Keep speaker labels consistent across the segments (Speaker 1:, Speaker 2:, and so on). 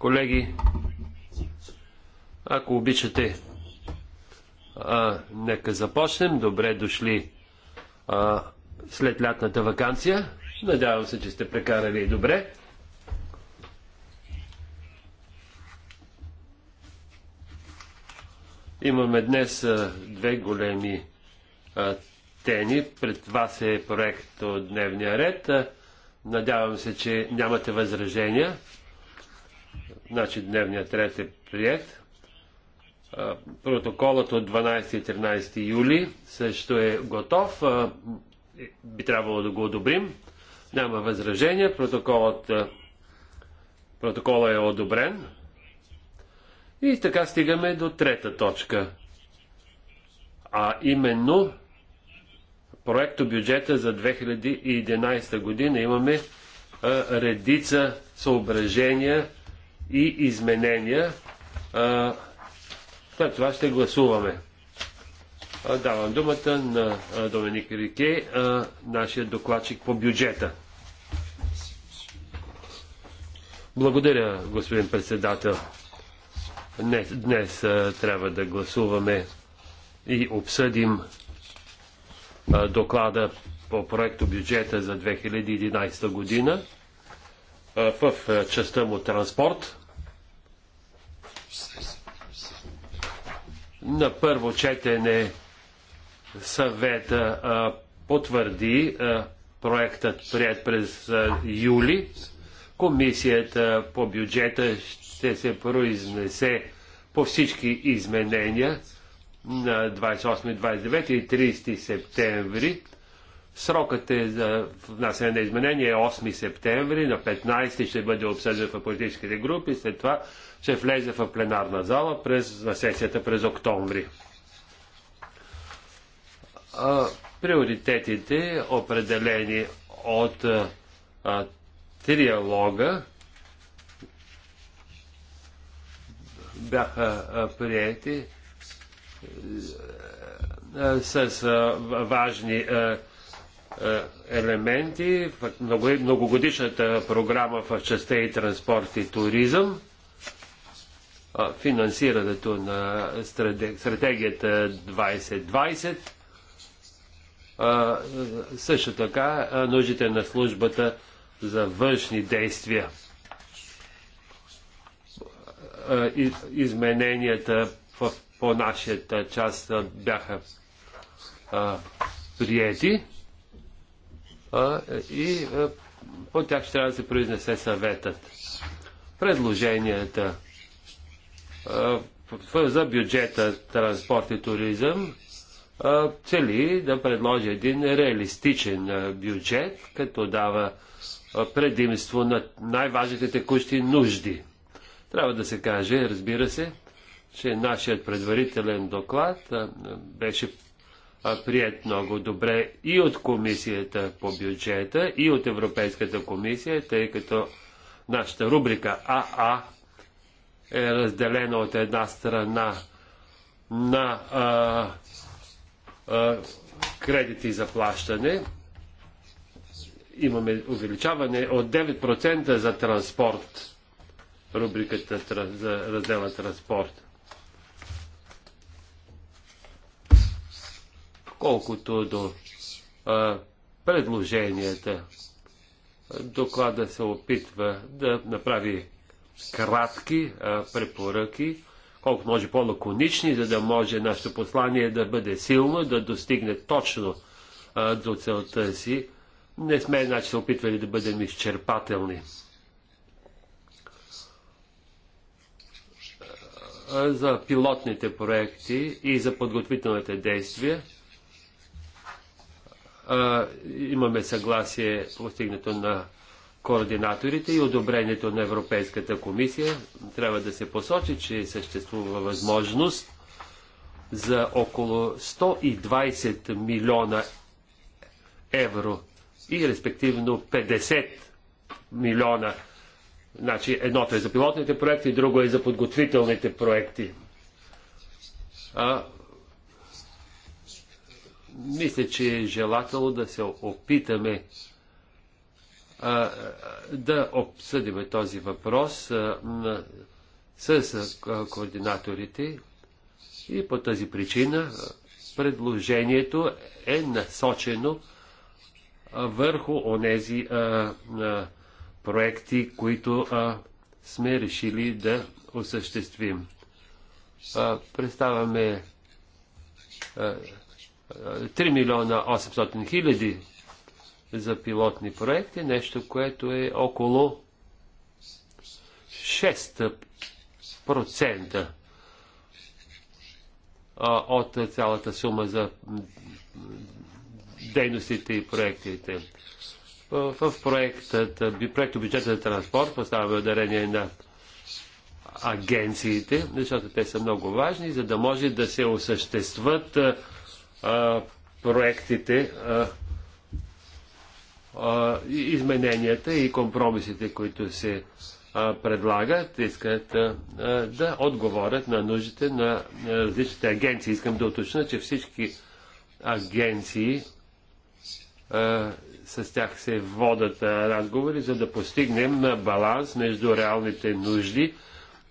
Speaker 1: Колеги, ако обичате, а, нека започнем. Добре дошли а, след лятната вакансия. Надявам се, че сте прекарали добре. Имаме днес а, две големи а, тени. Пред вас е проект от дневния ред. А, Надявам се, че нямате възражения. Значи дневният ред е прият. Протоколът от 12 и 13 юли също е готов. Би трябвало да го одобрим. Няма възражения. Протоколът, протоколът е одобрен. И така стигаме до трета точка. А именно проекто бюджета за 2011 година имаме а, редица съображения и изменения. А, след това ще гласуваме. А, давам думата на Доминик Рике, нашия докладчик по бюджета. Благодаря, господин председател. Днес, днес трябва да гласуваме и обсъдим доклада по проекто бюджета за 2011 година в частта му транспорт. На първо четене съвета потвърди проектът прият през юли. Комисията по бюджета ще се произнесе по всички изменения на 28, 29 и 30 септември. Срокът е за внасяне на изменение е 8 септември, на 15 ще бъде обсъден в политическите групи, след това ще влезе в пленарна зала през, на сесията през октомври. А, приоритетите, определени от а, а, триалога, бяха а, приети с е, е, важни е, елементи в многогодишната програма в частта и транспорт и туризъм финансирането на стратегията 2020 също така нуждите на службата за външни действия измененията в по нашата част бяха а, приети а, и а, по тях ще трябва да се произнесе съветът. Предложенията а, за бюджета транспорт и туризъм а, цели да предложи един реалистичен а, бюджет, като дава а, предимство на най-важните текущи нужди. Трябва да се каже, разбира се, че нашият предварителен доклад беше прият много добре и от Комисията по бюджета, и от Европейската комисия, тъй като нашата рубрика АА е разделена от една страна на а, а, кредити за плащане. Имаме увеличаване от 9% за транспорт, рубриката за раздела транспорт. Колкото до а, предложенията, доклада се опитва да направи кратки а, препоръки, колко може по-лаконични, за да може нашето послание да бъде силно, да достигне точно а, до целта си. Не сме иначе се опитвали да бъдем изчерпателни. за пилотните проекти и за подготвителните действия – имаме съгласие постигнато на координаторите и одобрението на Европейската комисия. Трябва да се посочи, че съществува възможност за около 120 милиона евро и респективно 50 милиона. Значи едното е за пилотните проекти, друго е за подготвителните проекти. А, мисля, че е желателно да се опитаме а, да обсъдиме този въпрос а, с а, координаторите и по тази причина предложението е насочено върху онези а, а, проекти, които а, сме решили да осъществим. А, представяме а, 3 милиона 800 хиляди за пилотни проекти, нещо, което е около 6% от цялата сума за дейностите и проектите. В проектът, проекто бюджета за транспорт поставяме ударение на агенциите, защото те са много важни, за да може да се осъществат а, проектите, а, а, измененията и компромисите, които се а, предлагат, искат а, да отговорят на нуждите на различните агенции. Искам да уточня, че всички агенции а, с тях се водат а, разговори, за да постигнем баланс между реалните нужди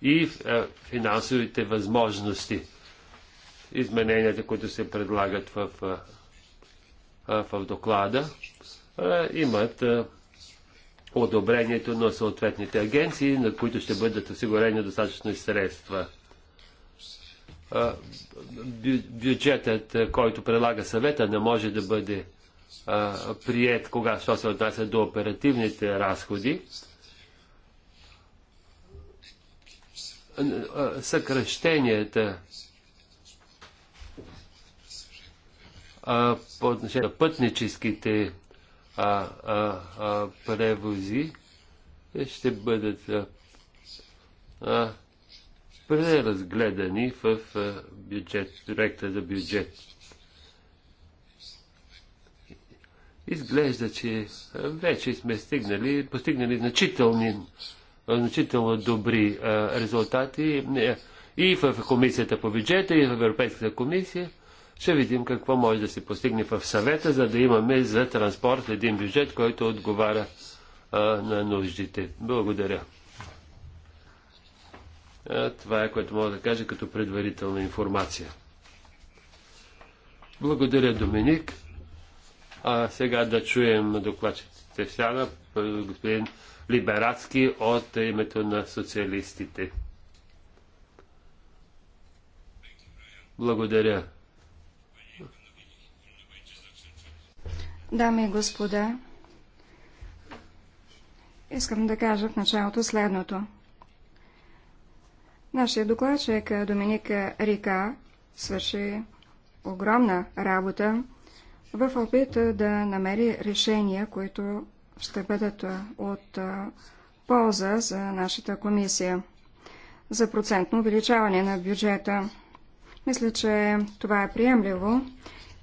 Speaker 1: и а, финансовите възможности измененията, които се предлагат в, в доклада, имат одобрението на съответните агенции, на които ще бъдат осигурени достатъчно средства. бюджетът, който предлага съвета, не може да бъде прият, кога, що се отнася до оперативните разходи. Съкръщенията а, по отношение на пътническите а, а, а, превози е, ще бъдат а, а, преразгледани в а, бюджет, проекта за бюджет. Изглежда, че вече сме стигнали, постигнали значителни, значително добри а, резултати е, и в Комисията по бюджета, и в Европейската комисия – ще видим какво може да се постигне в съвета, за да имаме за транспорт един бюджет, който отговаря а, на нуждите. Благодаря. А, това е което мога да кажа като предварителна информация. Благодаря, Доминик. А сега да чуем докладчиците в господин Либератски от името на социалистите. Благодаря,
Speaker 2: Дами и господа, искам да кажа в началото следното. Нашия докладчик е, Доминика Рика свърши огромна работа в опит да намери решения, които ще бъдат е, от е, полза за нашата комисия за процентно увеличаване на бюджета. Мисля, че това е приемливо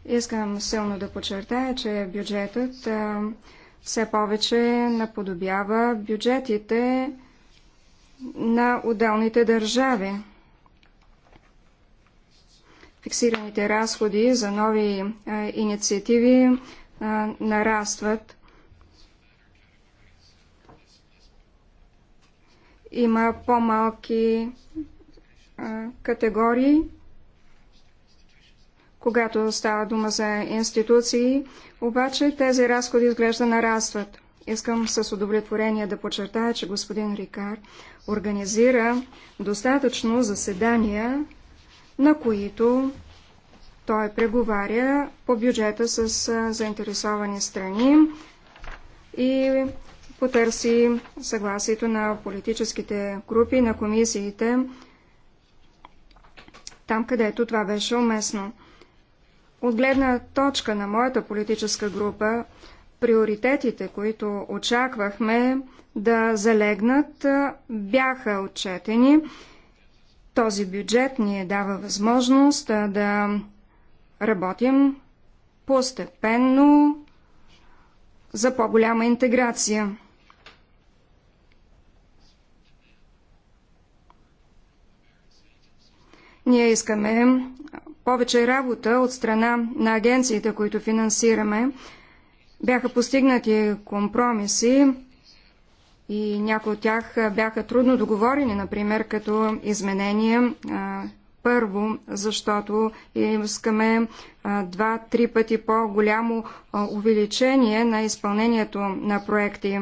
Speaker 2: Искам силно да подчертая, че бюджетът все повече наподобява бюджетите на отделните държави. Фиксираните разходи за нови инициативи нарастват. Има по-малки категории когато става дума за институции, обаче тези разходи изглежда нарастват. Искам с удовлетворение да подчертая, че господин Рикар организира достатъчно заседания, на които той преговаря по бюджета с заинтересовани страни и потърси съгласието на политическите групи, на комисиите, там където това беше уместно. От гледна точка на моята политическа група, приоритетите, които очаквахме да залегнат, бяха отчетени. Този бюджет ни е дава възможност да работим постепенно за по-голяма интеграция. Ние искаме повече работа от страна на агенциите, които финансираме. Бяха постигнати компромиси и някои от тях бяха трудно договорени, например, като изменения. Първо, защото искаме два-три пъти по-голямо увеличение на изпълнението на проекти.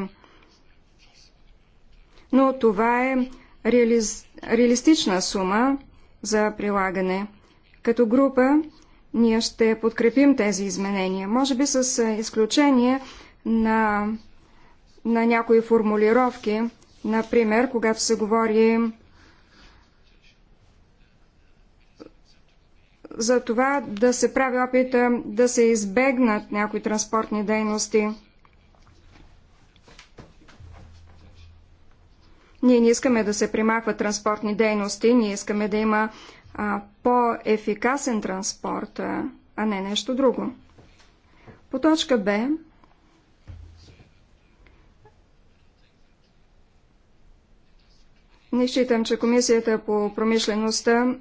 Speaker 2: Но това е реалистична сума за прилагане. Като група ние ще подкрепим тези изменения. Може би с е, изключение на, на някои формулировки, например, когато се говори за това да се прави опита да се избегнат някои транспортни дейности. Ние не искаме да се примахват транспортни дейности, ние искаме да има а, по-ефикасен транспорт, а не нещо друго. По точка Б не считам, че Комисията по промишлеността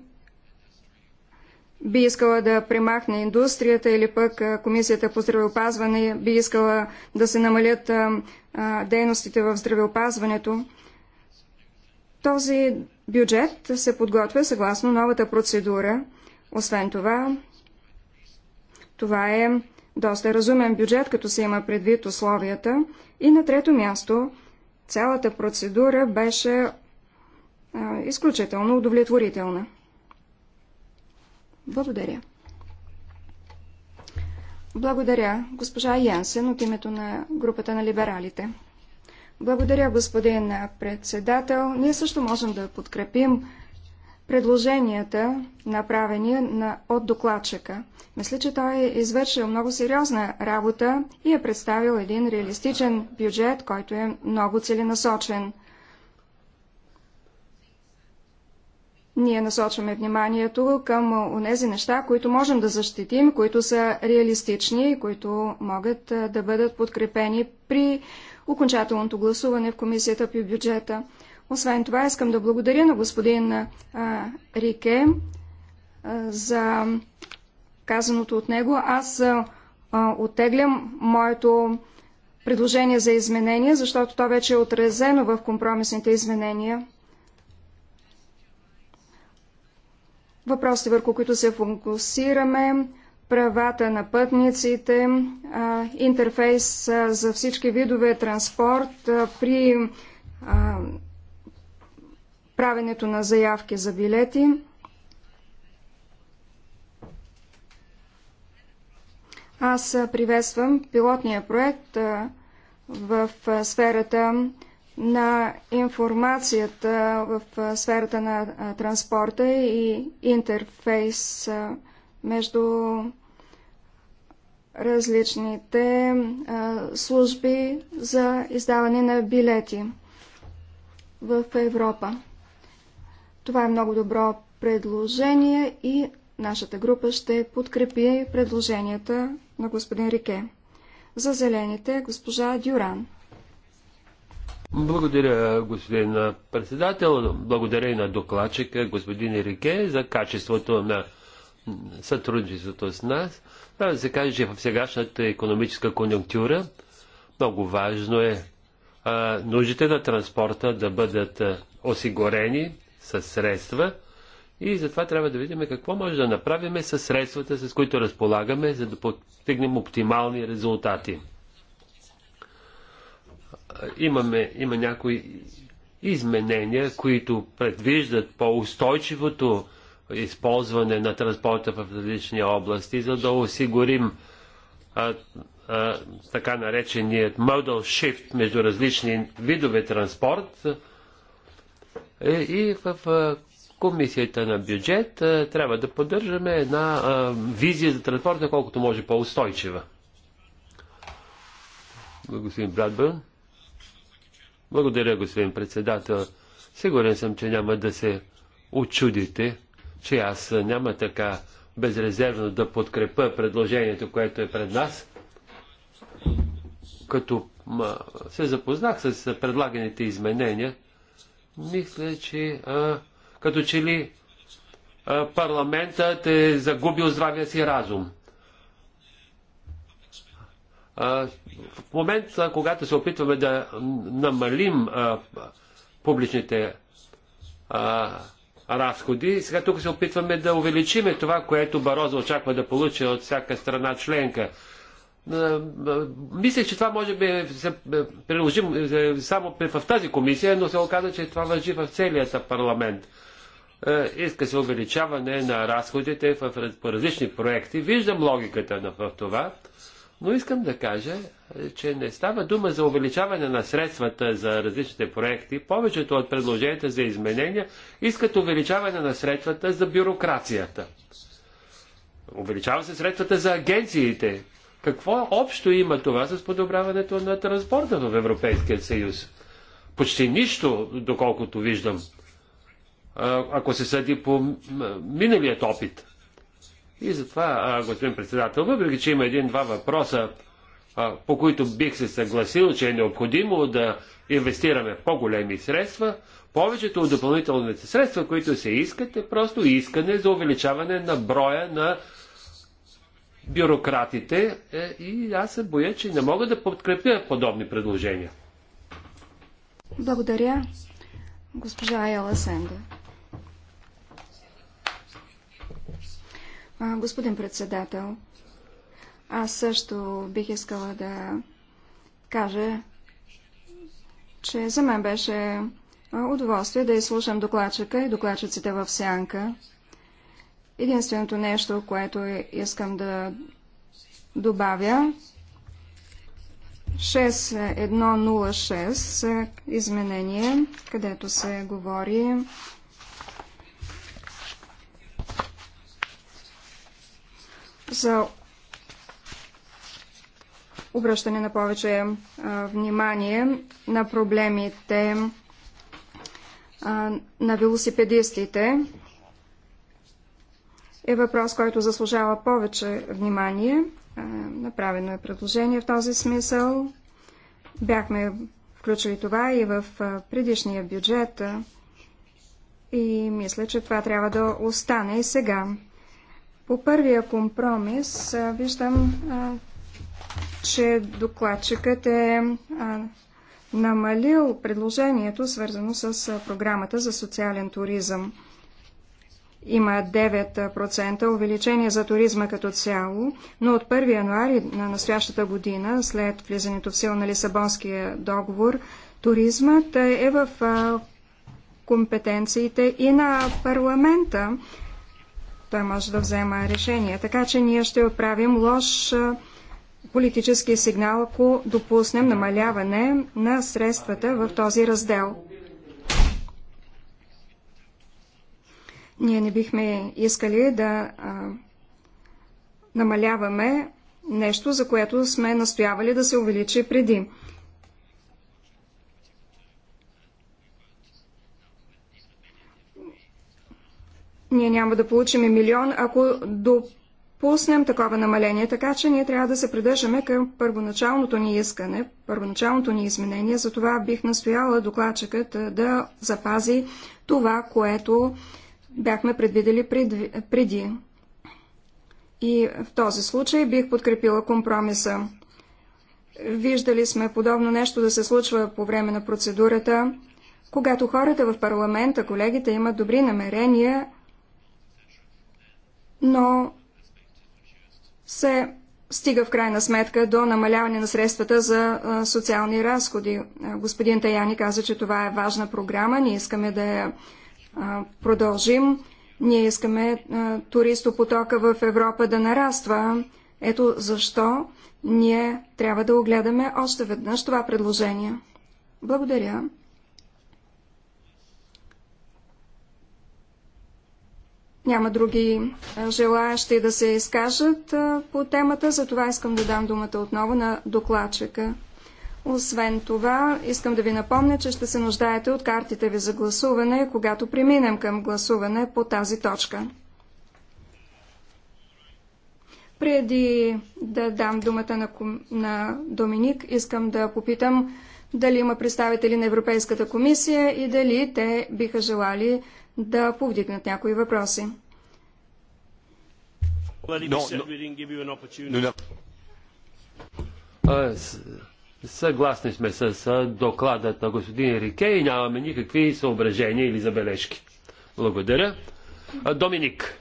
Speaker 2: би искала да примахне индустрията или пък Комисията по здравеопазване би искала да се намалят а, дейностите в здравеопазването. Този бюджет се подготвя съгласно новата процедура. Освен това, това е доста разумен бюджет, като се има предвид условията. И на трето място, цялата процедура беше а, изключително удовлетворителна. Благодаря. Благодаря, госпожа Янсен, от името на групата на либералите. Благодаря, господин председател. Ние също можем да подкрепим предложенията, направени на, от докладчика. Мисля, че той е извършил много сериозна работа и е представил един реалистичен бюджет, който е много целенасочен. Ние насочваме вниманието към тези неща, които можем да защитим, които са реалистични и които могат да бъдат подкрепени при окончателното гласуване в Комисията по бюджета. Освен това, искам да благодаря на господин а, Рике а, за казаното от него. Аз а, оттеглям моето предложение за изменение, защото то вече е отразено в компромисните изменения. Въпросите, върху които се фокусираме, правата на пътниците, интерфейс за всички видове транспорт при правенето на заявки за билети. Аз приветствам пилотния проект в сферата на информацията, в сферата на транспорта и интерфейс между различните служби за издаване на билети в Европа. Това е много добро предложение и нашата група ще подкрепи предложенията на господин Рике. За зелените госпожа Дюран.
Speaker 1: Благодаря, господин председател. Благодаря и на докладчика, господин Рике, за качеството на сътрудничеството с нас. Трябва да се каже, че в сегашната економическа конъюнктура много важно е а, нуждите на транспорта да бъдат а, осигурени със средства и затова трябва да видим какво може да направим с средствата, с които разполагаме, за да постигнем оптимални резултати. Имаме, има някои изменения, които предвиждат по-устойчивото използване на транспорта в различни области, за да осигурим а, а, така нареченият modal shift между различни видове транспорт. Е, и в комисията на бюджет трябва да поддържаме една а, визия за транспорта, колкото може по-устойчива. Господин Брадбърн. Благодаря, господин председател. Сигурен съм, че няма да се очудите че аз няма така безрезервно да подкрепа предложението, което е пред нас, като се запознах с предлаганите изменения, мисля, че а, като че ли а, парламентът е загубил здравия си разум. А, в момента, когато се опитваме да намалим а, публичните а, разходи. Сега тук се опитваме да увеличиме това, което Бароза очаква да получи от всяка страна членка. Мислех, че това може би се е, приложим е, е, само в тази комисия, но се оказа, че това въжи в целият парламент. Иска се увеличаване на разходите в, по различни проекти. Виждам логиката в това. Но искам да кажа, е, че не става дума за увеличаване на средствата за различните проекти. Повечето от предложенията за изменения искат увеличаване на средствата за бюрокрацията. Увеличава се средствата за агенциите. Какво общо има това с подобряването на транспорта в Европейския съюз? Почти нищо, доколкото виждам, ако се съди по миналият опит. И затова, господин председател, въпреки че има един-два въпроса, по които бих се съгласил, че е необходимо да инвестираме по-големи средства, повечето от допълнителните средства, които се искат, е просто искане за увеличаване на броя на бюрократите е, и аз се боя, че не мога да подкрепя подобни предложения.
Speaker 2: Благодаря, госпожа Айала Сенга. Господин председател, аз също бих искала да кажа, че за мен беше удоволствие да изслушам докладчика и докладчиците в сянка. Единственото нещо, което искам да добавя, 6106 изменение, където се говори за обръщане на повече внимание на проблемите на велосипедистите е въпрос, който заслужава повече внимание. Направено е предложение в този смисъл. Бяхме включили това и в предишния бюджет и мисля, че това трябва да остане и сега. По първия компромис виждам, че докладчикът е намалил предложението, свързано с програмата за социален туризъм. Има 9% увеличение за туризма като цяло, но от 1 януари на настоящата година, след влизането в сила на Лисабонския договор, туризмът е в компетенциите и на парламента той може да взема решение. Така че ние ще отправим лош политически сигнал, ако допуснем намаляване на средствата в този раздел. Ние не бихме искали да а, намаляваме нещо, за което сме настоявали да се увеличи преди. ние няма да получим и милион, ако допуснем такова намаление, така че ние трябва да се придържаме към първоначалното ни искане, първоначалното ни изменение. Затова бих настояла докладчикът да запази това, което бяхме предвидели преди. И в този случай бих подкрепила компромиса. Виждали сме подобно нещо да се случва по време на процедурата, когато хората в парламента, колегите имат добри намерения, но се стига в крайна сметка до намаляване на средствата за социални разходи. Господин Таяни каза, че това е важна програма, ние искаме да я продължим. Ние искаме туристопотока в Европа да нараства. Ето защо ние трябва да огледаме още веднъж това предложение. Благодаря. Няма други желаящи да се изкажат по темата, затова искам да дам думата отново на докладчика. Освен това, искам да ви напомня, че ще се нуждаете от картите ви за гласуване, когато преминем към гласуване по тази точка. Преди да дам думата на, на Доминик, искам да попитам дали има представители на Европейската комисия и дали те биха желали да повдигнат някои въпроси.
Speaker 1: Съгласни сме с докладът на господин Рике и нямаме никакви съображения или забележки. Благодаря. Доминик.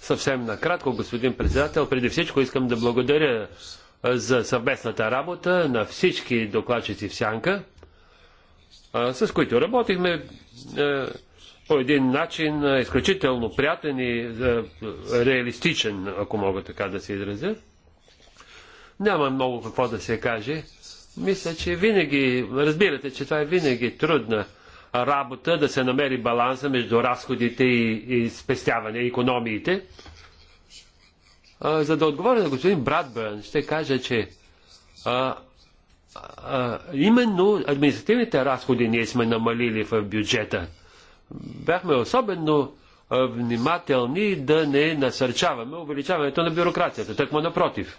Speaker 1: Съвсем накратко, господин председател, преди всичко искам да благодаря за съвместната работа на всички докладчици в Сянка, с които работихме по един начин изключително приятен и реалистичен, ако мога така да се изразя. Няма много какво да се каже. Мисля, че винаги, разбирате, че това е винаги трудна работа да се намери баланса между разходите и, и спестяване, и економиите. А, за да отговоря на господин Брадбърн, ще кажа, че а, а, именно административните разходи ние сме намалили в бюджета – бяхме особено внимателни да не насърчаваме увеличаването на бюрокрацията. Тъкмо напротив.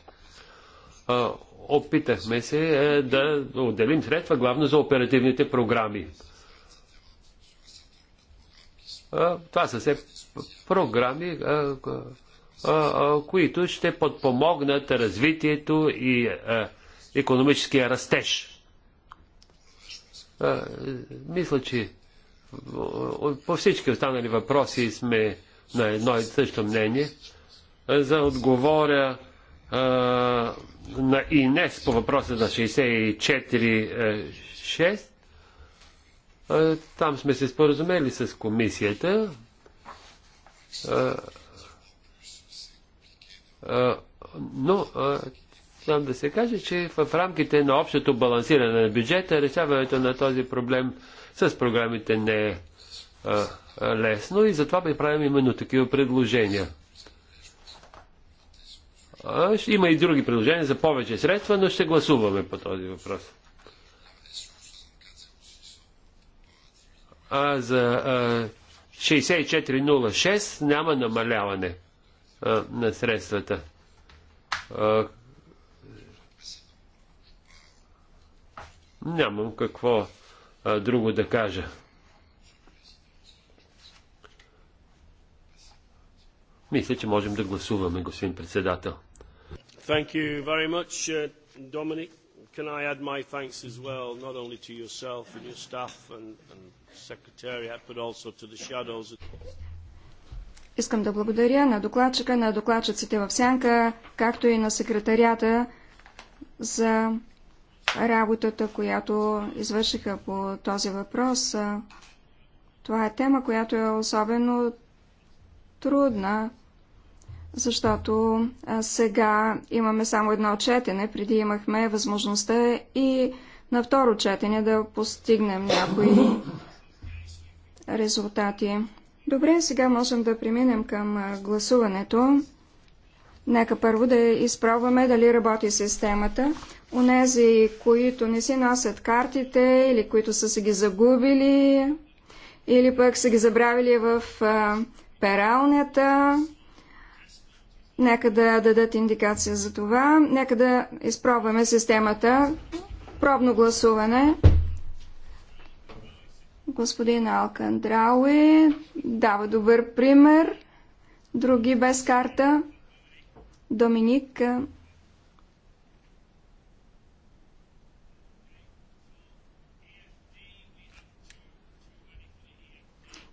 Speaker 1: Опитахме се е, да отделим средства главно за оперативните програми. Това са все програми, които ще подпомогнат развитието и економическия растеж. Мисля, че по всички останали въпроси сме на едно и също мнение. За отговоря а, на ИНЕС по въпроса на 64.6. Е, там сме се споразумели с комисията. А, а, но там да се каже, че в рамките на общото балансиране на бюджета решаването на този проблем с програмите не е а, лесно и затова ми правим именно такива предложения. А, ще има и други предложения за повече средства, но ще гласуваме по този въпрос. А за а, 6406 няма намаляване а, на средствата. А, нямам какво а, друго да кажа. Мисля, че можем да гласуваме, господин председател. Thank you very much, uh, Dominic. Can I add my thanks as well, not only to yourself and your staff and, and secretariat, but also to the
Speaker 3: shadows.
Speaker 2: Искам да благодаря на докладчика, на докладчиците в Сянка, както и на секретарията за работата, която извършиха по този въпрос. Това е тема, която е особено трудна, защото сега имаме само едно четене, преди имахме възможността и на второ четене да постигнем някои резултати. Добре, сега можем да преминем към гласуването. Нека първо да изпробваме дали работи системата. Онези, които не си носят картите или които са се ги загубили, или пък са ги забравили в а, пералнята, нека да дадат индикация за това. Нека да изпробваме системата. Пробно гласуване. Господин Алкандрауи дава добър пример. Други без карта. Доминик.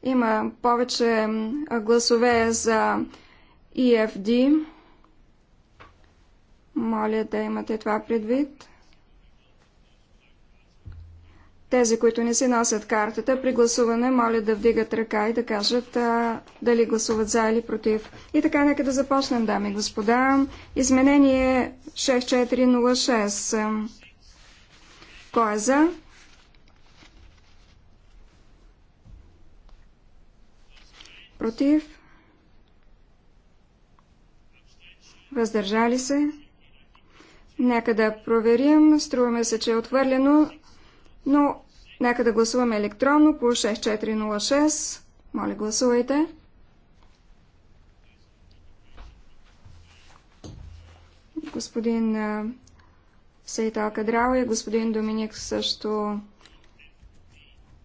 Speaker 2: Има повече гласове за EFD. Моля да имате това предвид. Тези, които не си носят картата, при гласуване моля да вдигат ръка и да кажат а, дали гласуват за или против. И така, нека да започнем, дами и господа. Изменение 6406. Кой е за? Против? Въздържали се? Нека да проверим. Струваме се, че е отвърлено но нека да гласуваме електронно по 6406. Моля, гласувайте. Господин Сейтал Кадрал и господин Доминик също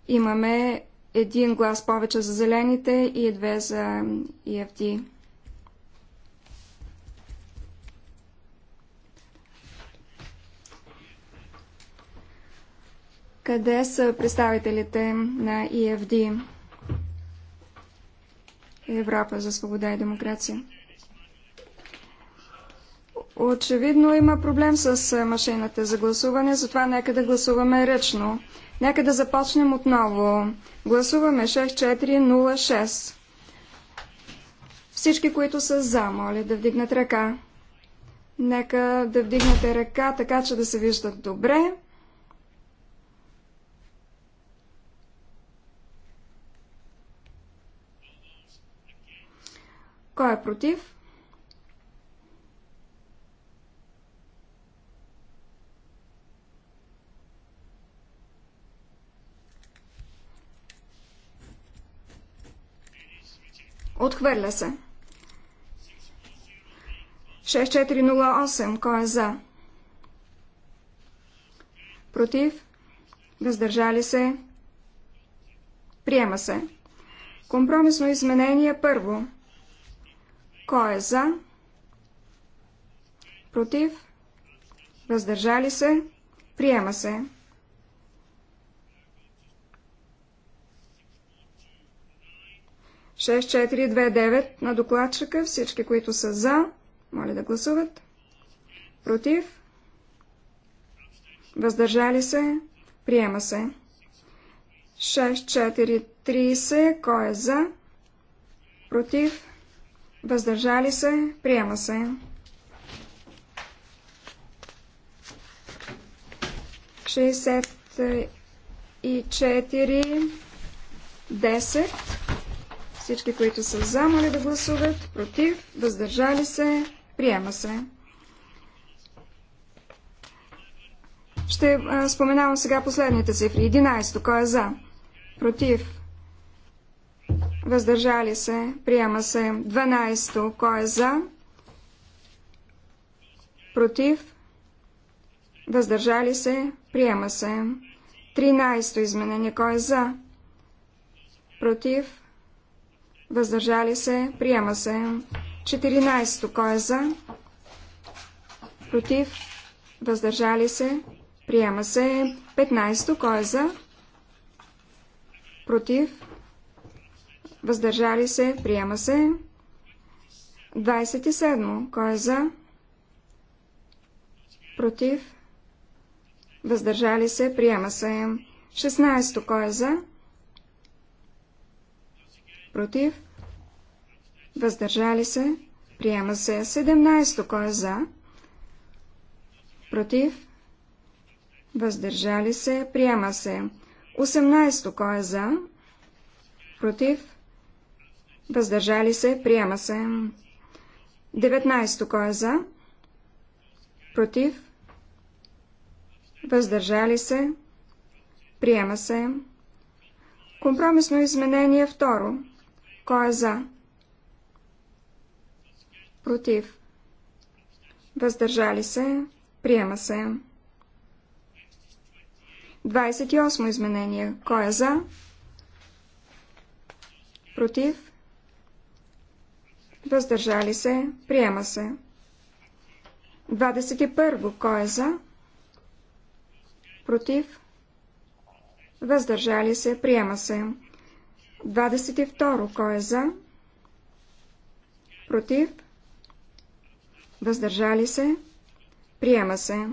Speaker 2: имаме един глас повече за зелените и две за EFD. къде са представителите на ИФД, е Европа за свобода и демокрация. Очевидно има проблем с машината за гласуване, затова нека да гласуваме ръчно. Нека да започнем отново. Гласуваме 6406. Всички, които са за, моля да вдигнат ръка. Нека да вдигнете ръка, така че да се виждат добре. Кой е против? Отхвърля се. 6408. Кой е за? Против? Въздържали се? Приема се. Компромисно изменение първо. Кой е за? Против? Въздържали се? Приема се. Шест, четири, две, девет на докладчика. Всички, които са за, моля да гласуват. Против? Въздържали се? Приема се. 6-4-30. Кой е за? Против? Въздържали се? Приема се. Шестдесет и четири, 10. Всички, които са за, моля да гласуват. Против, въздържали се, приема се. Ще а, споменавам сега последните цифри. 11. Кой е за? Против, въздържали се, приема се 12, кой е за, против, въздържали се, приема се 13 изменение, кой е за, против, въздържали се, приема се 14, кой е за, против, въздържали се, приема се 15, кой е за, против, въздържали се, приема се. 27. Кой е за? Против. Въздържали се, приема се. 16. Кой е за? Против. Въздържали се, приема се. 17. Кой е за? Против. Въздържали се, приема се. 18. Кой е за? Против. Въздържали се. Приема се. 19. Кой е за? Против. Въздържали се. Приема се. Компромисно изменение второ. Кой е за? Против. Въздържали се. Приема се. 28 изменение. Кой е за? Против въздържали се, приема се. 21. Кой е за? Против? Въздържали се, приема се. 22. Кой е за? Против? Въздържали се, приема се.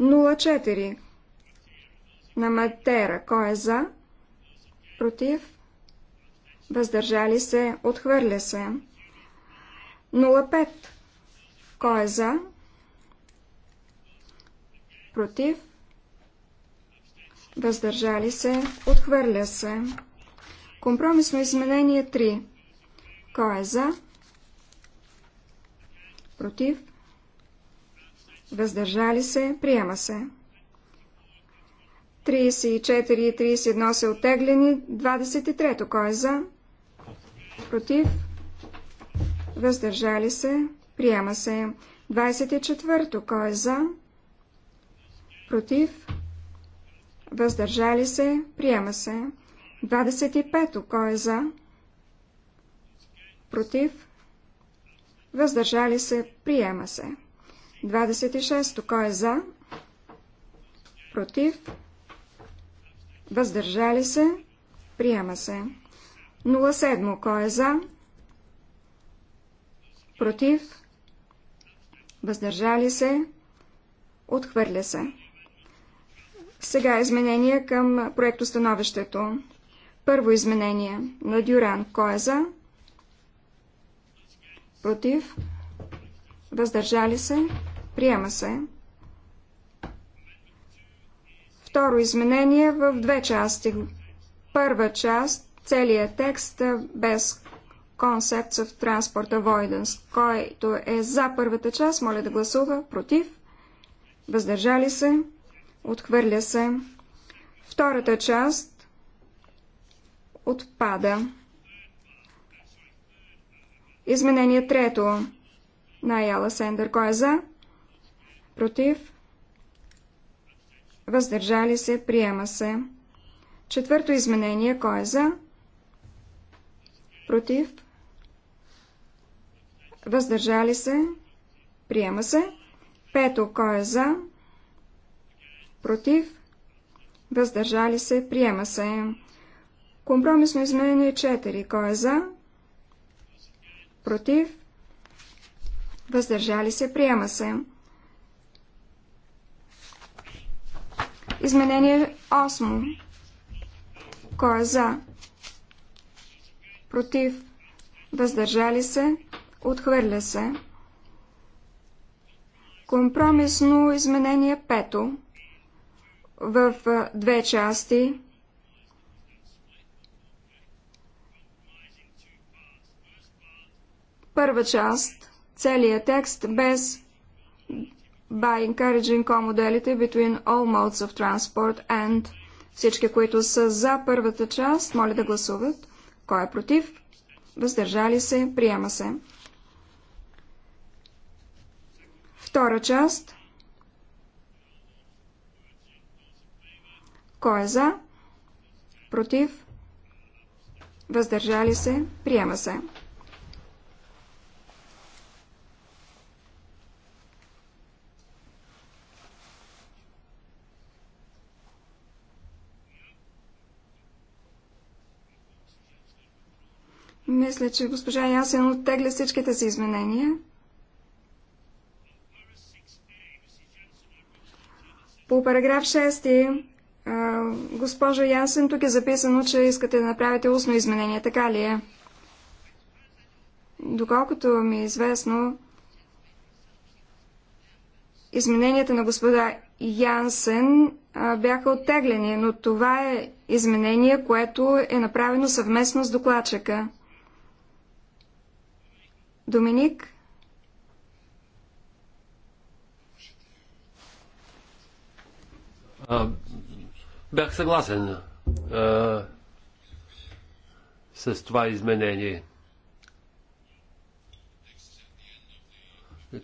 Speaker 2: 04. На матера. Кой е за? Против? въздържали се, отхвърля се. 05. Кой е за? Против? Въздържали се, отхвърля се. Компромисно изменение 3. Кой е за? Против? Въздържали се, приема се. 34 и 31 са оттеглени, 23 кой е за? против, въздържали се, приема се. 24-то, кой е за, против, въздържали се, приема се. 25-то, кой е за, против, въздържали се, приема се. 26-то, кой е за, против, въздържали се, приема се. 07. Кой е за? Против? Въздържали се? Отхвърля се. Сега изменение към проекто становището. Първо изменение на Дюран. Кой е за? Против? Въздържали се? Приема се. Второ изменение в две части. Първа част целият текст без Concepts of Transport Avoidance. Който е за първата част, моля да гласува против. Въздържали се. Отхвърля се. Втората част отпада. Изменение трето на Яла Сендър. Кой е за? Против? Въздържали се. Приема се. Четвърто изменение. Кой е за? Против? против, въздържали се, приема се. Пето, кой е за, против, въздържали се, приема се. Компромисно изменение 4, кой е за, против, въздържали се, приема се. Изменение 8. Кой е за? против, въздържали се, отхвърля се. Компромисно изменение пето в две части. Първа част, целият текст без by encouraging co between all modes of transport and всички, които са за първата част, моля да гласуват. Кой е против? Въздържали се? Приема се. Втора част. Кой е за? Против? Въздържали се? Приема се. Мисля, че госпожа Ясен оттегля всичките си изменения. По параграф 6, госпожо Ясен, тук е записано, че искате да направите устно изменение. Така ли е? Доколкото ми е известно, измененията на господа Янсен бяха оттеглени, но това е изменение, което е направено съвместно с докладчика. Доминик?
Speaker 1: А, бях съгласен а, с това изменение.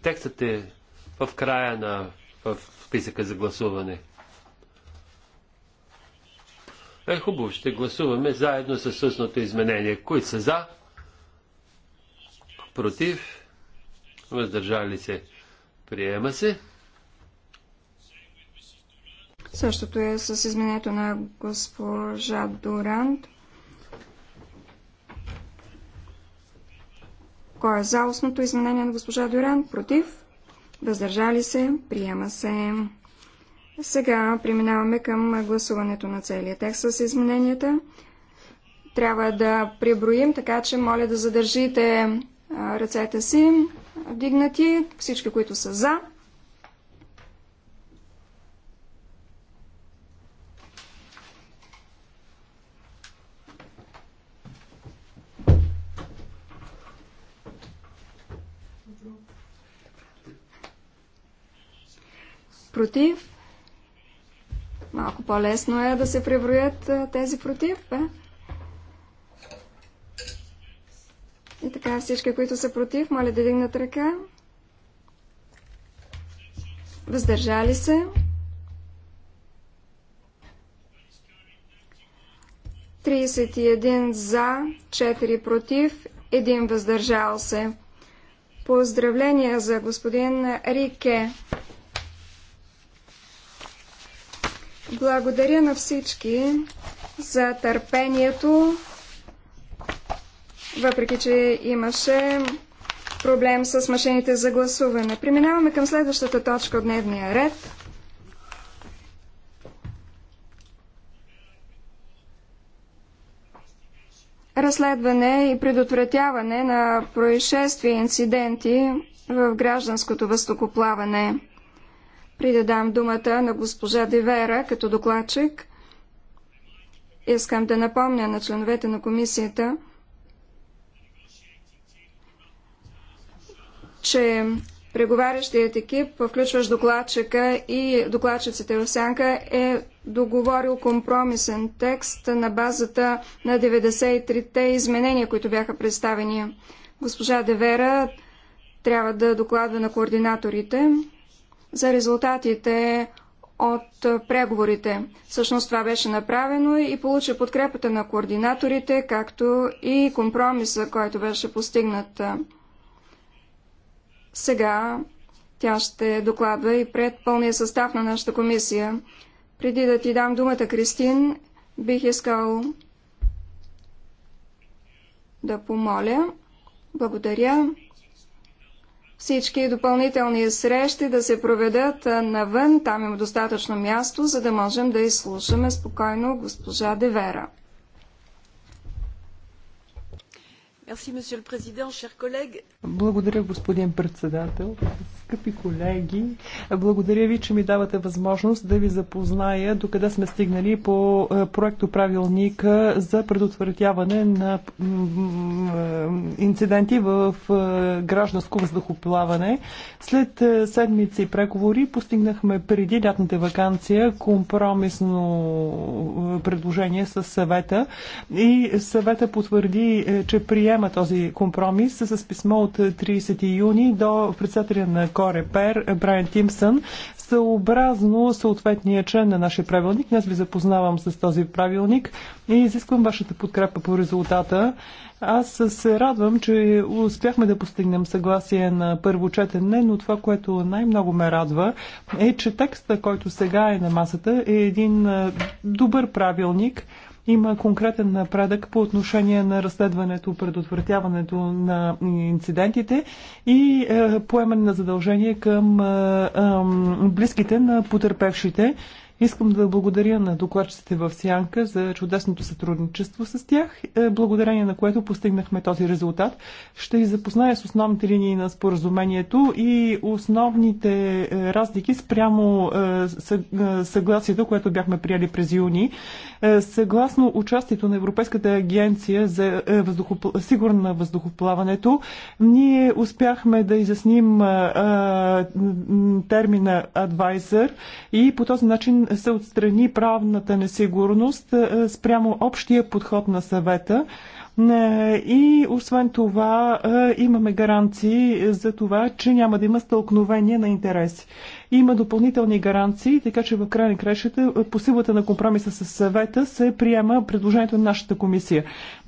Speaker 1: Текстът е в края на в списъка за гласуване. Е хубаво, ще гласуваме заедно с същото изменение. Кои са за? против, въздържали се, приема се.
Speaker 2: Същото е с изменението на госпожа Дорант. Кой е за устното изменение на госпожа Дурант? Против? Въздържали се? Приема се. Сега преминаваме към гласуването на целия текст с измененията. Трябва да преброим, така че моля да задържите ръцете си вдигнати, всички, които са за. Против. Малко по-лесно е да се преброят тези против. Е? всички, които са против, моля да дигнат ръка. Въздържали се. 31 за, 4 против, един въздържал се. Поздравления за господин Рике. Благодаря на всички за търпението въпреки че имаше проблем с машините за гласуване. Преминаваме към следващата точка от дневния ред. Разследване и предотвратяване на происшествия и инциденти в гражданското въздухоплаване. Придадам дам думата на госпожа Девера като докладчик, искам да напомня на членовете на комисията – че преговарящият екип, включващ докладчика и докладчиците в сянка, е договорил компромисен текст на базата на 93-те изменения, които бяха представени. Госпожа Девера трябва да докладва на координаторите за резултатите от преговорите. Всъщност това беше направено и получи подкрепата на координаторите, както и компромиса, който беше постигнат. Сега тя ще докладва и пред пълния състав на нашата комисия. Преди да ти дам думата, Кристин, бих искал да помоля. Благодаря. Всички допълнителни срещи да се проведат навън, там има достатъчно място, за да можем да изслушаме спокойно госпожа Девера. Благодаря,
Speaker 3: господин председател. Скъпи колеги, благодаря ви, че ми давате възможност да ви запозная до къде сме стигнали по е, проекто правилника за предотвратяване на инциденти в е, гражданско въздухоплаване. След е, седмици преговори постигнахме преди лятната вакансия компромисно предложение с съвета и съвета потвърди, че приема приема този компромис с писмо от 30 юни до председателя на Корепер Брайан Тимсън, съобразно съответния член на нашия правилник. Днес ви запознавам с този правилник и изисквам вашата подкрепа по резултата. Аз се радвам, че успяхме да постигнем съгласие на първо четене, но това, което най-много ме радва, е, че текста, който сега е на масата, е един добър правилник – има конкретен напредък по отношение на разследването, предотвратяването на инцидентите и е, поемане на задължение към е, близките на потерпевшите. Искам да благодаря на докладчиците в Сянка за чудесното сътрудничество с тях, е, благодарение на което постигнахме този резултат. Ще ви запозная с основните линии на споразумението и основните е, разлики спрямо е, съгласието, което бяхме приели през юни. Съгласно участието на Европейската агенция за сигурно сигурна на въздухоплаването, ние успяхме да изясним термина advisor и по този начин се отстрани правната несигурност спрямо общия подход на съвета, и освен това е, имаме гаранции за това, че няма да има стълкновение на интереси. Има допълнителни гаранции, така че в край на крещата е, по силата на компромиса с съвета се приема предложението на нашата комисия.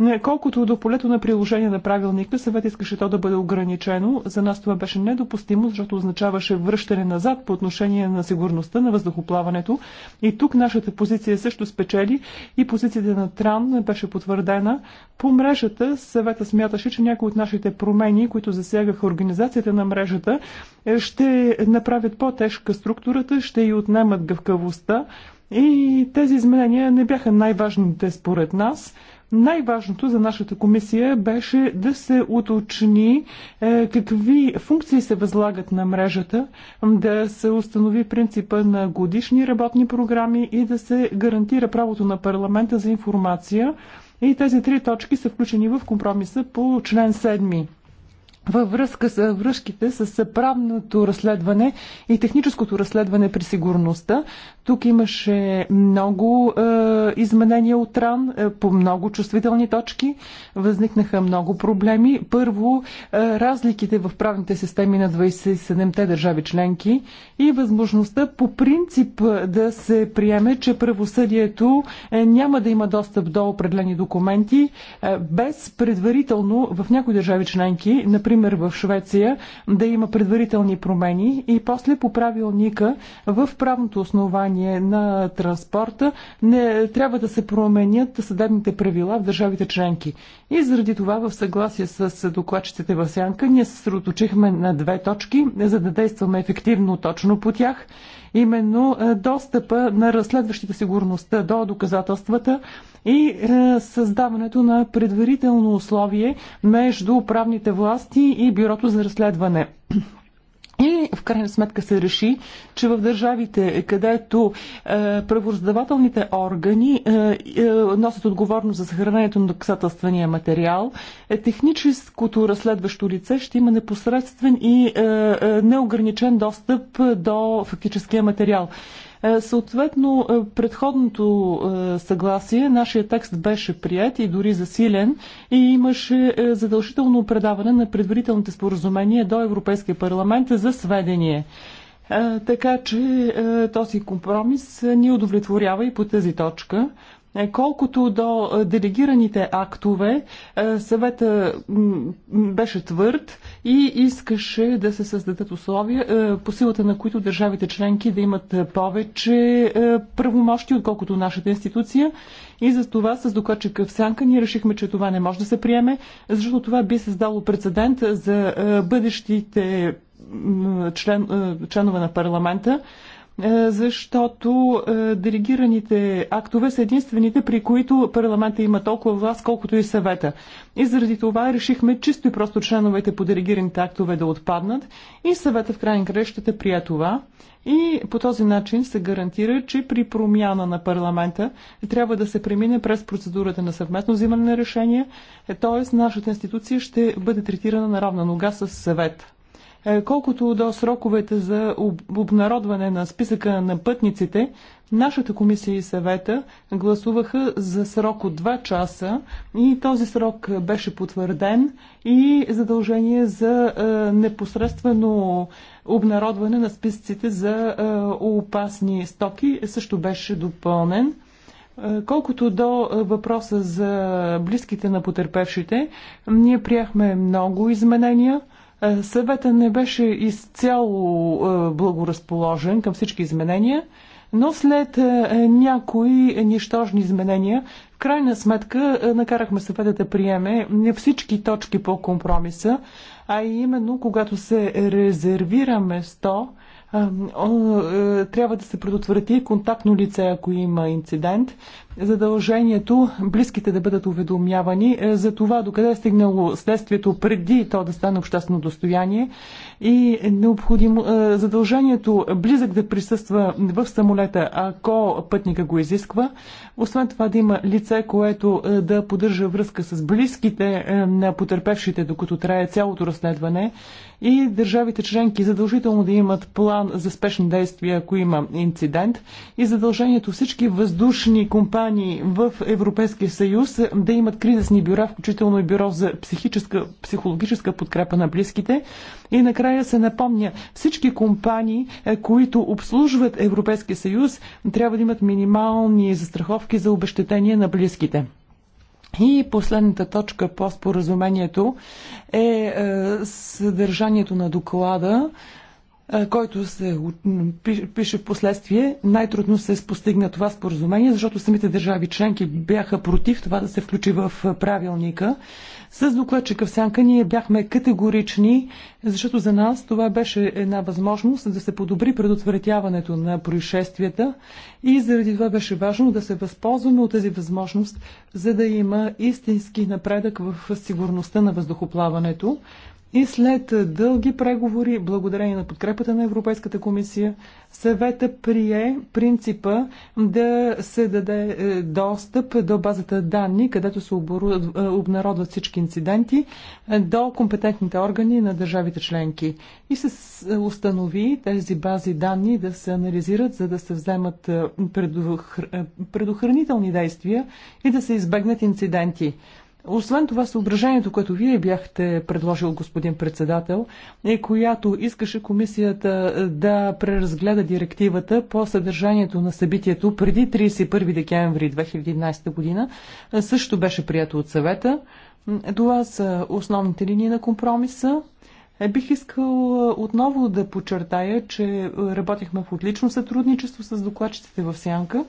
Speaker 3: Е, колкото до полето на приложение на правилника, съвет искаше то да бъде ограничено. За нас това беше недопустимо, защото означаваше връщане назад по отношение на сигурността на въздухоплаването. И тук нашата позиция също спечели и позицията на Тран беше потвърдена по мрежата съвета смяташе, че някои от нашите промени, които засягаха организацията на мрежата, ще направят по-тежка структурата, ще и отнемат гъвкавостта. И тези изменения не бяха най-важните според нас. Най-важното за нашата комисия беше да се уточни е, какви функции се възлагат на мрежата, да се установи принципа на годишни работни програми и да се гарантира правото на парламента за информация и тези три точки са включени в компромиса по член във връзка с връзките с правното разследване и техническото разследване при сигурността. Тук имаше много е, изменения от РАН е, по много чувствителни точки. Възникнаха много проблеми. Първо, е, разликите в правните системи на 27-те държави членки и възможността по принцип е, да се приеме, че правосъдието е, няма да има достъп до определени документи е, без предварително в някои държави членки, например например в Швеция, да има предварителни промени и после по правилника в правното основание на транспорта не трябва да се променят съдебните правила в държавите членки. И заради това в съгласие с докладчиците в Сянка ние се съсредоточихме на две точки, за да действаме ефективно точно по тях именно е, достъпа на разследващите сигурността до доказателствата и е, създаването на предварително условие между правните власти и Бюрото за разследване. И в крайна сметка се реши, че в държавите, където е, правораздавателните органи е, е, носят отговорност за съхранението на доказателствения материал, е, техническото разследващо лице ще има непосредствен и е, е, неограничен достъп до фактическия материал. Е, съответно, е, предходното е, съгласие, нашия текст беше прият и дори засилен и имаше задължително предаване на предварителните споразумения до Европейския парламент за сведение. Така че този компромис ни удовлетворява и по тази точка. Е, колкото до е, делегираните актове, е, съвета беше твърд и искаше да се създадат условия, по силата на които държавите членки да имат повече правомощи, отколкото нашата институция. И за това с докладчика в сянка ние решихме, че това не може да се приеме, защото това би създало прецедент за бъдещите член, членове на парламента. Е, защото е, делегираните актове са единствените, при които парламента има толкова власт, колкото и съвета. И заради това решихме чисто и просто членовете по делегираните актове да отпаднат и съвета в крайна крещата прия това. И по този начин се гарантира, че при промяна на парламента трябва да се премине през процедурата на съвместно взимане на решения, е, т.е. нашата институция ще бъде третирана на равна нога с съвета. Е, колкото до сроковете за обнародване на списъка на пътниците, нашата комисия и съвета гласуваха за срок от 2 часа и този срок беше потвърден и задължение за е, непосредствено обнародване на списъците за е, опасни стоки също беше допълнен. Колкото до въпроса за близките на потерпевшите, ние приехме много изменения – е, съвета не беше изцяло е, благоразположен към всички изменения, но след е, някои нищожни изменения, в крайна сметка накарахме съвета да приеме не всички точки по компромиса, а именно когато се резервира место е, трябва да се предотврати контактно лице, ако има инцидент. Задължението близките да бъдат уведомявани е, за това докъде е стигнало следствието преди то да стане обществено достояние и необходимо, е, задължението близък да присъства в самолета, ако пътника го изисква. Освен това да има лице, което да поддържа връзка с близките на потерпевшите, докато трае цялото разследване и държавите членки задължително да имат план за спешни действия, ако има инцидент и задължението всички въздушни компании в Европейския съюз да имат кризисни бюра, включително и бюро за психическа, психологическа подкрепа на близките. И накрая се напомня, всички компании, е, които обслужват Европейския съюз, трябва да имат минимални застраховки за обещетение на близките. И последната точка по споразумението е, е съдържанието на доклада. Е, който се пише в последствие, най-трудно се постигна това споразумение, защото самите държави членки бяха против това да се включи в е, правилника. С докладчика в Сянка ние бяхме категорични, защото за нас това беше една възможност да се подобри предотвратяването на происшествията и заради това беше важно да се възползваме от тази възможност, за да има истински напредък в сигурността на въздухоплаването. И след дълги преговори, благодарение на подкрепата на Европейската комисия, съвета прие принципа да се даде е, достъп до базата данни, където се е, обнародват всички инциденти, е, до компетентните органи на държавите членки. И се установи тези бази данни да се анализират, за да се вземат предохранителни действия и да се избегнат инциденти. Освен това, съображението, което вие бяхте предложил, господин председател, е която искаше комисията е, да преразгледа директивата по съдържанието на събитието преди 31 декември 2011 година, е, също беше прието от съвета. Това са основните линии на компромиса. Е, бих искал отново да подчертая, че работихме в отлично сътрудничество с докладчиците в Сянка.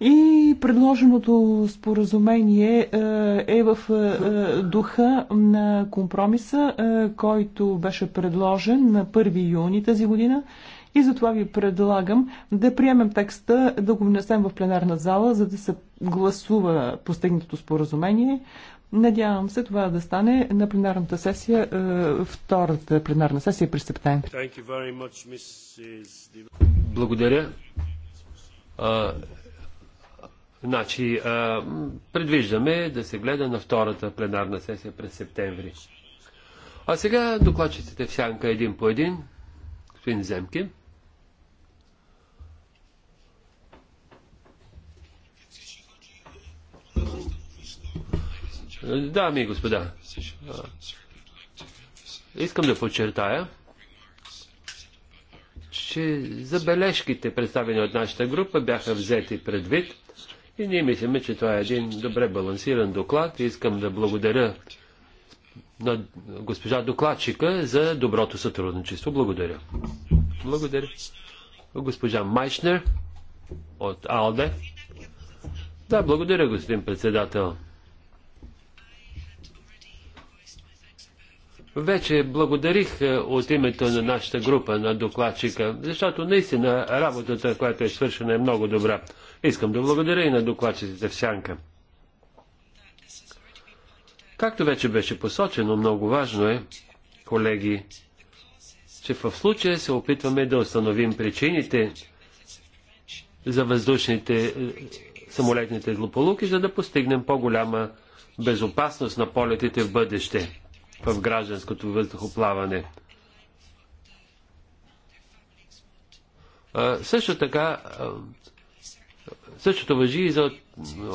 Speaker 3: И предложеното споразумение е, е в е, е, духа на компромиса, който беше предложен на 1 юни тази година. И затова ви предлагам да приемем текста, да го внесем в пленарна зала, за да се гласува постигнатото споразумение. Надявам се това да стане на пленарната сесия, втората пленарна сесия през септември.
Speaker 1: Благодаря. Значи, предвиждаме да се гледа на втората пленарна сесия през септември. А сега докладчиците в сянка един по един. Господин Земки. Дами и господа, искам да подчертая, че забележките, представени от нашата група, бяха взети предвид – и ние мислиме, че това е един добре балансиран доклад. Искам да благодаря на госпожа докладчика за доброто сътрудничество. Благодаря. Благодаря. Госпожа Майшнер от АЛДЕ. Да, благодаря, господин председател. Вече благодарих е, от името на нашата група, на докладчика, защото наистина работата, която е свършена, е много добра. Искам да благодаря и на докладчиците в Сянка. Както вече беше посочено, много важно е, колеги, че в случая се опитваме да установим причините за въздушните е, самолетните злополуки, за да постигнем по-голяма безопасност на полетите в бъдеще в гражданското въздухоплаване. Също така, същото въжи и за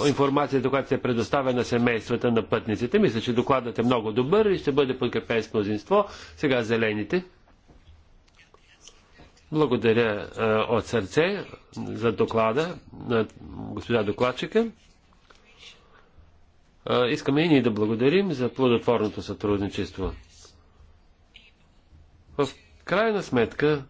Speaker 1: информацията, която се предоставя на семействата на пътниците. Мисля, че докладът е много добър и ще бъде подкрепен с мнозинство. Сега зелените. Благодаря от сърце за доклада на госпожа докладчика. Искаме и ние да благодарим за плодотворното сътрудничество. В крайна сметка,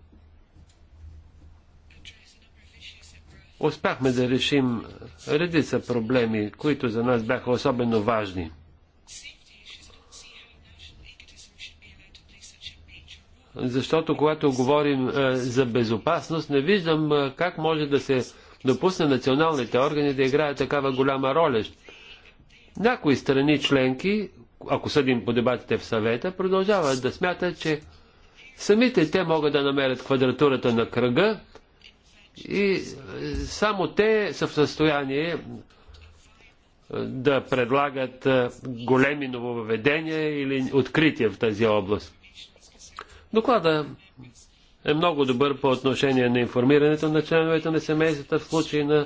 Speaker 1: успяхме да решим редица проблеми, които за нас бяха особено важни. Защото когато говорим е, за безопасност, не виждам е, как може да се допусне националните органи да играят такава голяма роля. Някои страни членки, ако съдим по дебатите в съвета, продължават да смятат, че самите те могат да намерят квадратурата на кръга и е, само те са в състояние е, да предлагат е, големи нововведения или открития в тази област. Доклада е много добър по отношение на информирането на членовете на семействата в случай на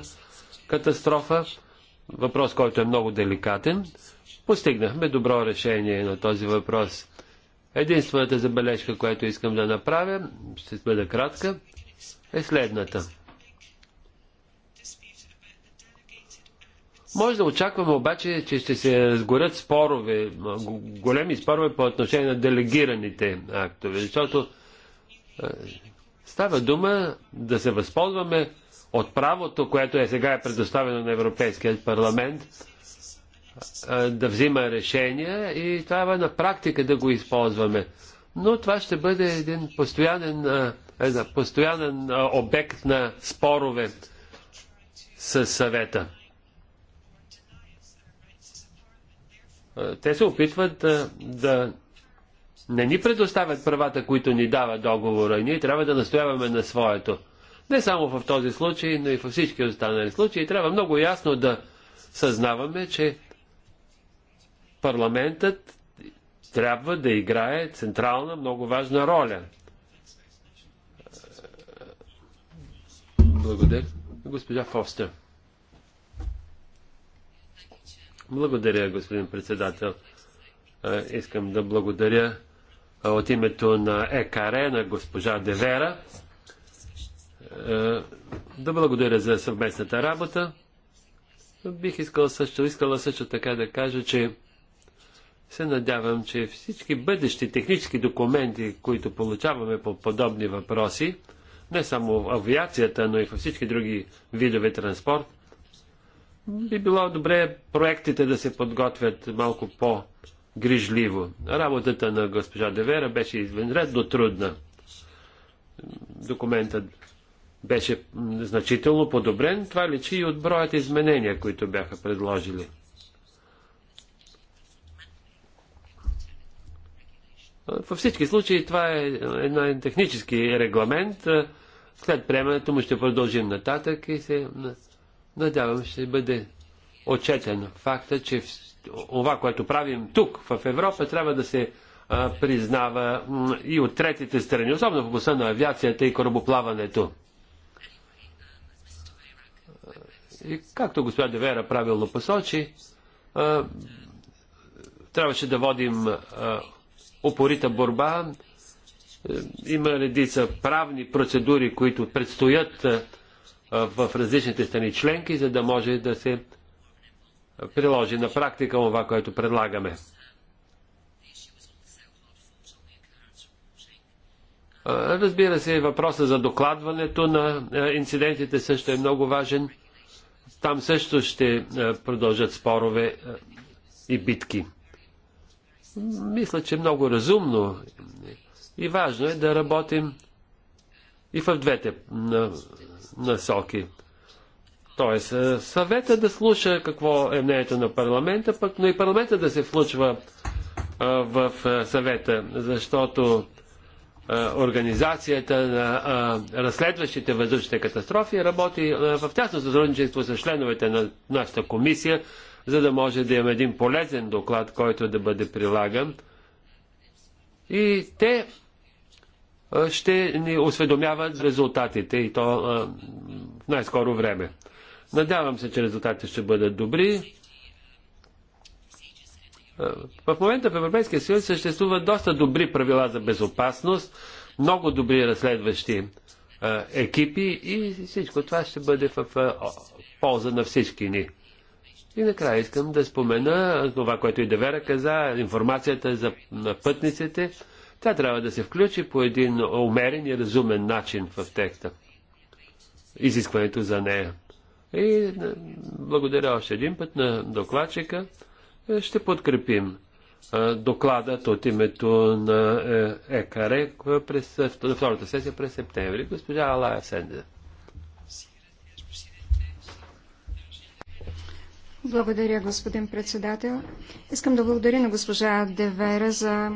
Speaker 1: катастрофа въпрос, който е много деликатен. Постигнахме добро решение на този въпрос. Единствената забележка, която искам да направя, ще бъда кратка, е следната. Може да очакваме обаче, че ще се разгорят спорове, големи спорове по отношение на делегираните актове, защото е, става дума да се възползваме от правото, което е сега е предоставено на Европейския парламент, да взима решения и трябва е на практика да го използваме. Но това ще бъде един постоянен, една, постоянен обект на спорове с съвета. Те се опитват да, да не ни предоставят правата, които ни дава договора. Ние трябва да настояваме на своето. Не само в този случай, но и във всички останали случаи. Трябва много ясно да съзнаваме, че парламентът трябва да играе централна, много важна роля. Благодаря. Госпожа Фостер. Благодаря, господин председател. Искам да благодаря от името на ЕКАРЕ на госпожа Девера е, да благодаря за съвместната работа. Бих искала също, искала също така да кажа, че се надявам, че всички бъдещи технически документи, които получаваме по подобни въпроси, не само в авиацията, но и във всички други видове транспорт, би било добре проектите да се подготвят малко по-грижливо. Работата на госпожа Девера беше извънредно трудна. Документът беше значително подобрен. Това личи и от броят изменения, които бяха предложили. Във всички случаи това е един технически регламент. След приемането му ще продължим нататък и се надявам ще бъде отчетен факта, че това, което правим тук в Европа, трябва да се признава и от третите страни, особено в областта на авиацията и корабоплаването. И както госпожа Девера правилно посочи, трябваше да водим упорита опорита борба. Е, има редица правни процедури, които предстоят в различните страни членки, за да може да се приложи на практика това, което предлагаме. Разбира се, въпросът за докладването на инцидентите също е много важен. Там също ще е, продължат спорове е, и битки. Мисля, че много разумно и важно е да работим и в двете насоки. Тоест, е, съвета да слуша какво е мнението на парламента, пък, но и парламента да се включва в съвета, защото организацията на разследващите въздушните катастрофи работи в тясно сътрудничество с членовете на нашата комисия, за да може да имаме един полезен доклад, който да бъде прилаган. И те ще ни осведомяват резултатите и то в най-скоро време. Надявам се, че резултатите ще бъдат добри. Е, в момента в Европейския съюз съществуват доста добри правила за безопасност, много добри разследващи е, екипи и всичко това ще бъде в е, полза на всички ни. И накрая искам да спомена това, което и Девера каза, информацията за на пътниците. Тя трябва да се включи по един умерен и разумен начин в текста. Изискването за нея. И благодаря още един път на докладчика ще подкрепим докладът от името на е, ЕКАРЕ през, е, втората сесия през септември. Госпожа Алая Сенде.
Speaker 2: Благодаря, господин председател. Искам да благодаря на госпожа Девера за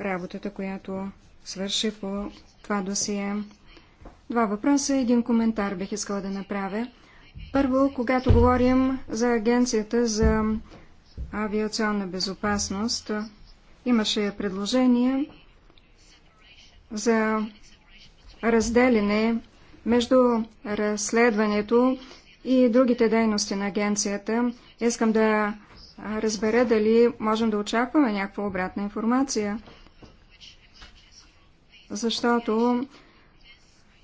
Speaker 2: работата, която свърши по това досие. Два въпроса и един коментар бих искала да направя. Първо, когато говорим за Агенцията за авиационна безопасност, имаше предложение за разделене между разследването и другите дейности на агенцията. Искам да разбера дали можем да очакваме някаква обратна информация, защото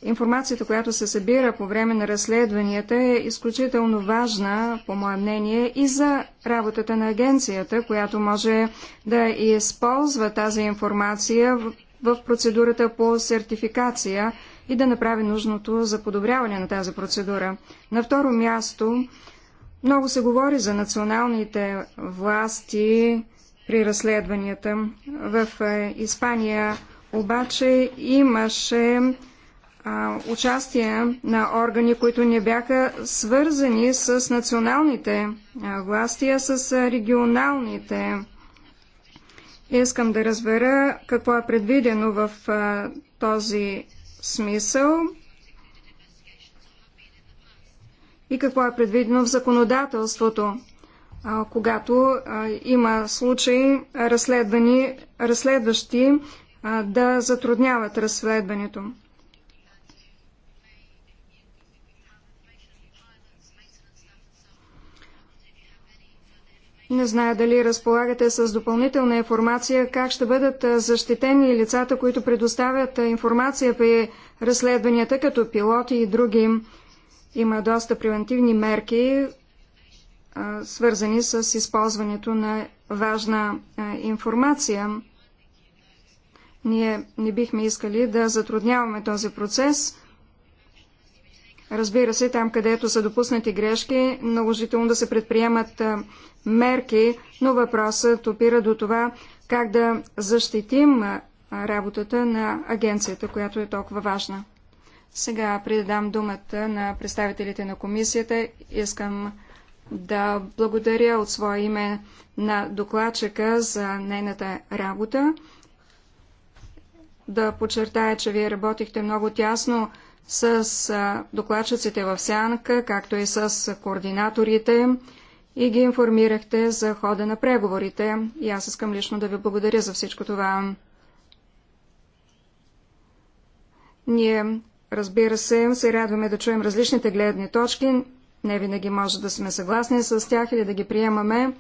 Speaker 2: Информацията, която се събира по време на разследванията е изключително важна, по мое мнение, и за работата на агенцията, която може да използва тази информация в процедурата по сертификация и да направи нужното за подобряване на тази процедура. На второ място, много се говори за националните власти при разследванията. В е, Испания обаче имаше участие на органи, които не бяха свързани с националните власти, а с регионалните. Искам да разбера какво е предвидено в този смисъл и какво е предвидено в законодателството, когато има случаи разследващи да затрудняват разследването. Не зная дали разполагате с допълнителна информация как ще бъдат защитени лицата, които предоставят информация при разследванията, като пилоти и други. Има доста превентивни мерки, свързани с използването на важна информация. Ние не бихме искали да затрудняваме този процес. Разбира се, там където са допуснати грешки, наложително да се предприемат мерки, но въпросът опира до това как да защитим работата на агенцията, която е толкова важна. Сега предам думата на представителите на комисията. Искам да благодаря от свое име на докладчика за нейната работа. Да подчертая, че вие работихте много тясно с докладчиците в сянка, както и с координаторите и ги информирахте за хода на преговорите. И аз искам лично да ви благодаря за всичко това. Ние, разбира се, се радваме да чуем различните гледни точки. Не винаги може да сме съгласни с тях или да ги приемаме,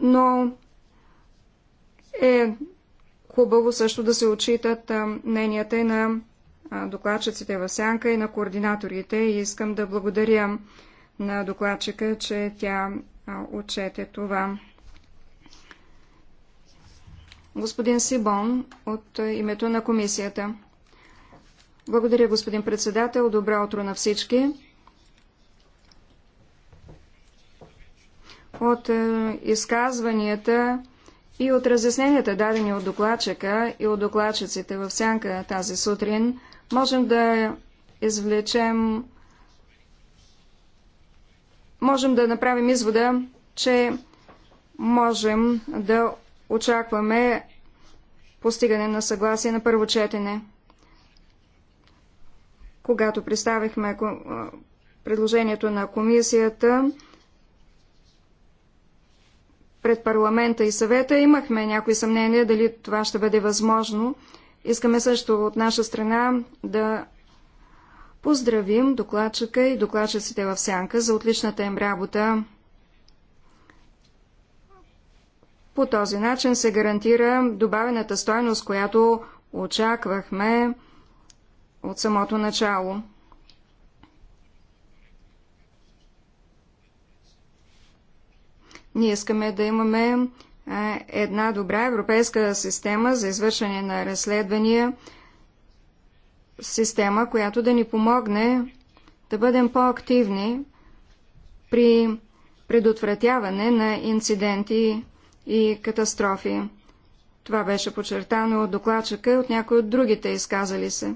Speaker 2: но е хубаво също да се отчитат мненията на докладчиците в сянка и на координаторите и искам да благодаря на докладчика, че тя отчете това. Господин Сибон от името на комисията. Благодаря, господин председател. Добро утро на всички. От изказванията и от разясненията, дадени от докладчика и от докладчиците в сянка тази сутрин, можем да извлечем, можем да направим извода, че можем да очакваме постигане на съгласие на първо четене. Когато представихме предложението на комисията пред парламента и съвета, имахме някои съмнения дали това ще бъде възможно. Искаме също от наша страна да поздравим докладчика и докладчиците в Сянка за отличната им работа. По този начин се гарантира добавената стойност, която очаквахме от самото начало. Ние искаме да имаме е една добра европейска система за извършване на разследвания, система, която да ни помогне да бъдем по-активни при предотвратяване на инциденти и катастрофи. Това беше подчертано от докладчика и от някои от другите изказали се.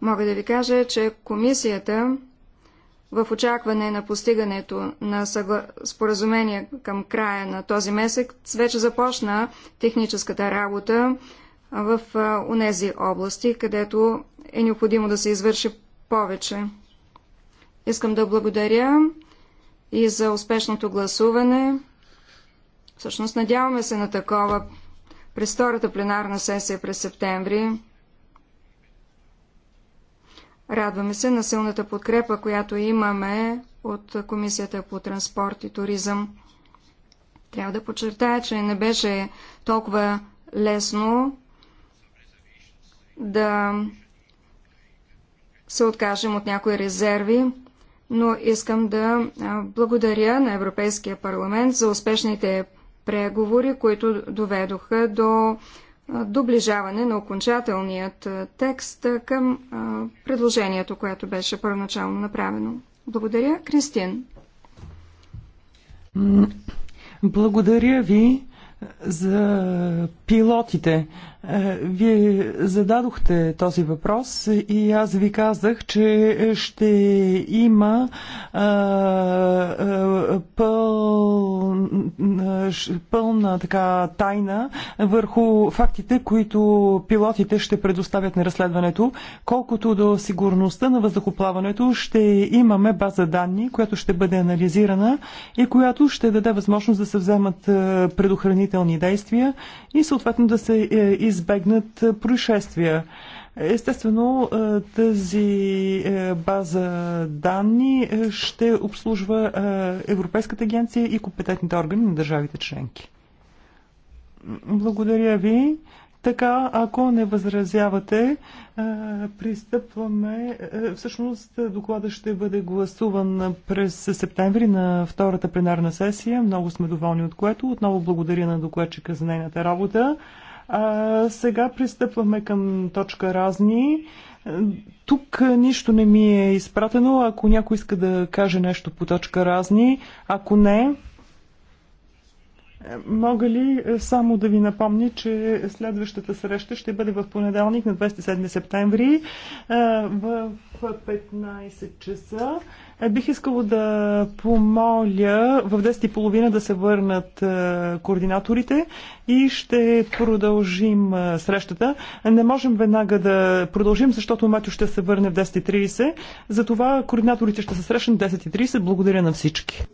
Speaker 2: Мога да ви кажа, че комисията в очакване на постигането на съгла... споразумение към края на този месец, вече започна техническата работа в онези области, където е необходимо да се извърши повече. Искам да благодаря и за успешното гласуване. Всъщност надяваме се на такова през втората пленарна сесия през септември. Радваме се на силната подкрепа, която имаме от Комисията по транспорт и туризъм. Трябва да подчертая, че не беше толкова лесно да се откажем от някои резерви, но искам да благодаря на Европейския парламент за успешните преговори, които доведоха до доближаване на окончателният текст към предложението, което беше първоначално направено. Благодаря, Кристин.
Speaker 3: Благодаря ви за пилотите. Е, вие зададохте този въпрос и аз ви казах, че ще има е, е, пъл, пълна така тайна върху фактите, които пилотите ще предоставят на разследването. Колкото до сигурността на въздухоплаването, ще имаме база данни, която ще бъде анализирана и която ще даде възможност да се вземат предохранителни отбранителни действия и съответно да се е, избегнат е, происшествия. Естествено, е, тази база данни ще обслужва Европейската агенция и компетентните органи на държавите членки. Благодаря ви. Така, ако не възразявате, е, пристъпваме. Е, всъщност доклада ще бъде гласуван през септември на втората пленарна сесия. Много сме доволни от което. Отново благодаря на докладчика за нейната работа. А, сега пристъпваме към точка разни. Тук нищо не ми е изпратено. Ако някой иска да каже нещо по точка разни, ако не, Мога ли е, само да ви напомня, че следващата среща ще бъде в понеделник на 27 септември е, в 15 часа. Е, бих искала да помоля в 10.30 да се върнат координаторите и ще продължим срещата. Не можем веднага да продължим, защото Матю ще се върне в 10.30. Затова координаторите ще се срещнат в 10.30. Благодаря на всички.